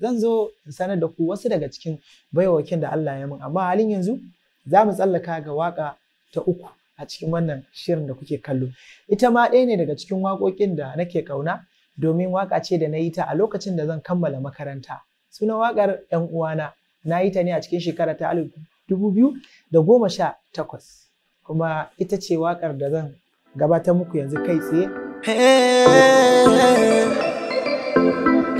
zan zo in sanar da ku wasu daga cikin baiwakin da Allah ya min amma halin yanzu za mu tsallaka ga waka ta uku a cikin wannan shirin da kuke kallo ita ma ɗaya ne daga cikin waƙoƙin da nake ƙauna domin waƙa ce da na yi ta a lokacin da zan kammala makaranta sunan waƙar 'yan uwana na yi ta ne a cikin shekara ta alif dubu da goma sha takwas kuma ita ce waƙar da zan gabatar muku yanzu kai tsaye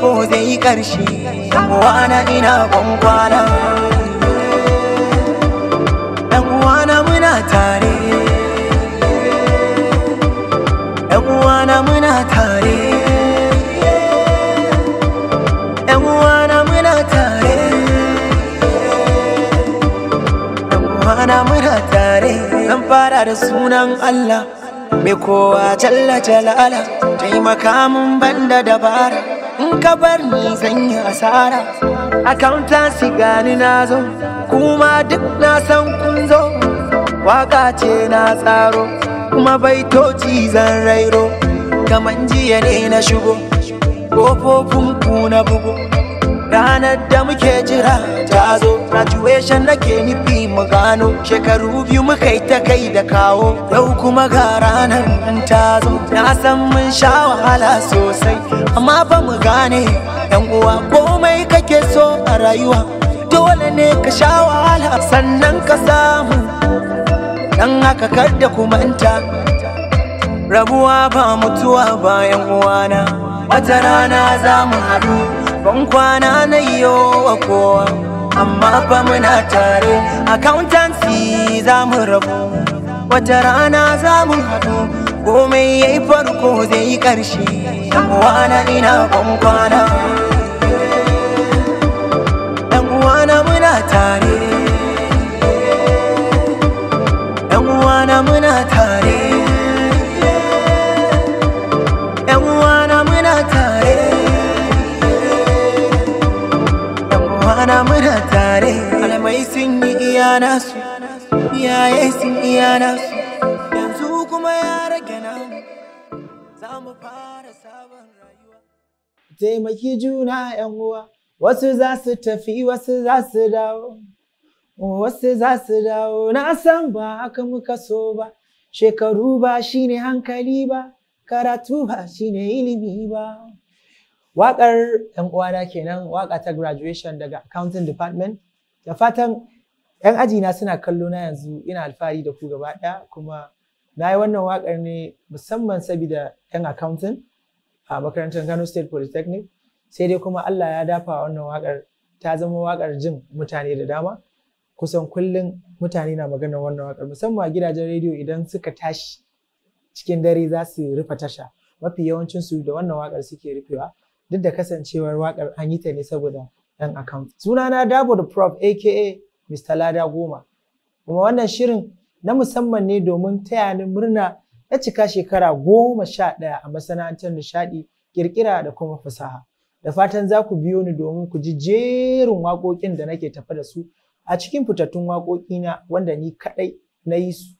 ko zai karshe uwana ina kwankwana dan uwana muna tare dan uwana muna tare ɗan uwana muna tare muna tare zan fara da sunan Allah mai kowa jalla jalala taimaka mun banda dabara in ka bar ni zan yi asara akaunta si gani na zo kuma duk na san kun zo waka ce na tsaro kuma baitoci zan rairo kaman jiya ne na shigo kofofin ku na bugu ranar da muke jira ta zo graduation nake nufi mu gano shekaru biyu muka ta kai da kawo yau kuma ga ranar ta zo na san mun sha wahala sosai amma ba mu gane yan uwa komai kake so a rayuwa dole ne ka sha wahala sannan ka samu dan haka kada ku manta rabuwa ba mutuwa bayan uwana wata rana za mu haɗu ban kwana na yiwo kowa amma fa muna tare accountancy za mu rabu wata rana za mu haɗu komai ya yi farko zai yi ƙarshe ɗan'uwana ina kwankwana ɗan'uwana muna tare ɗan'uwana muna tare na muna tare Alamai sun yi iya nasu Iyaye sun iya nasu Yanzu kuma ya rage namu Za mu fara sabon rayuwa Taimaki juna yan uwa Wasu za su tafi wasu za su dawo Wasu za su dawo na san ba haka muka so ba Shekaru ba shine hankali ba Karatu ba shine ilimi ba Waƙar ‘yan uwana kenan waƙa ta graduation daga accounting department. Da fatan ‘yan ajina suna kallo na yanzu ina alfahari da ku gaba ɗaya kuma na yi wannan waƙar ne musamman saboda ‘yan accounting a makarantar Kano State Polytechnic. Sai dai kuma Allah ya dafa wannan waƙar ta zama waƙar jin mutane da dama. Kusan kullum mutane na maganar wannan waƙar musamman a gidajen rediyo idan suka tashi cikin dare za su rufe tasha. Mafi yawancinsu da wannan waƙar suke rufewa. duk da kasancewar waƙar an yi ta ne saboda ɗan account. Sunana Dabo da Prof aka Mr. Lada Goma. Kuma wannan shirin na musamman ne domin taya ni murna na cika shekara goma sha ɗaya a masana'antar nishaɗi, ƙirƙira da kuma fasaha. Da fatan za ku biyo ni domin ku ji jerin waƙoƙin da nake tafa da su a cikin fitattun waƙoƙina wanda ni kaɗai na yi su.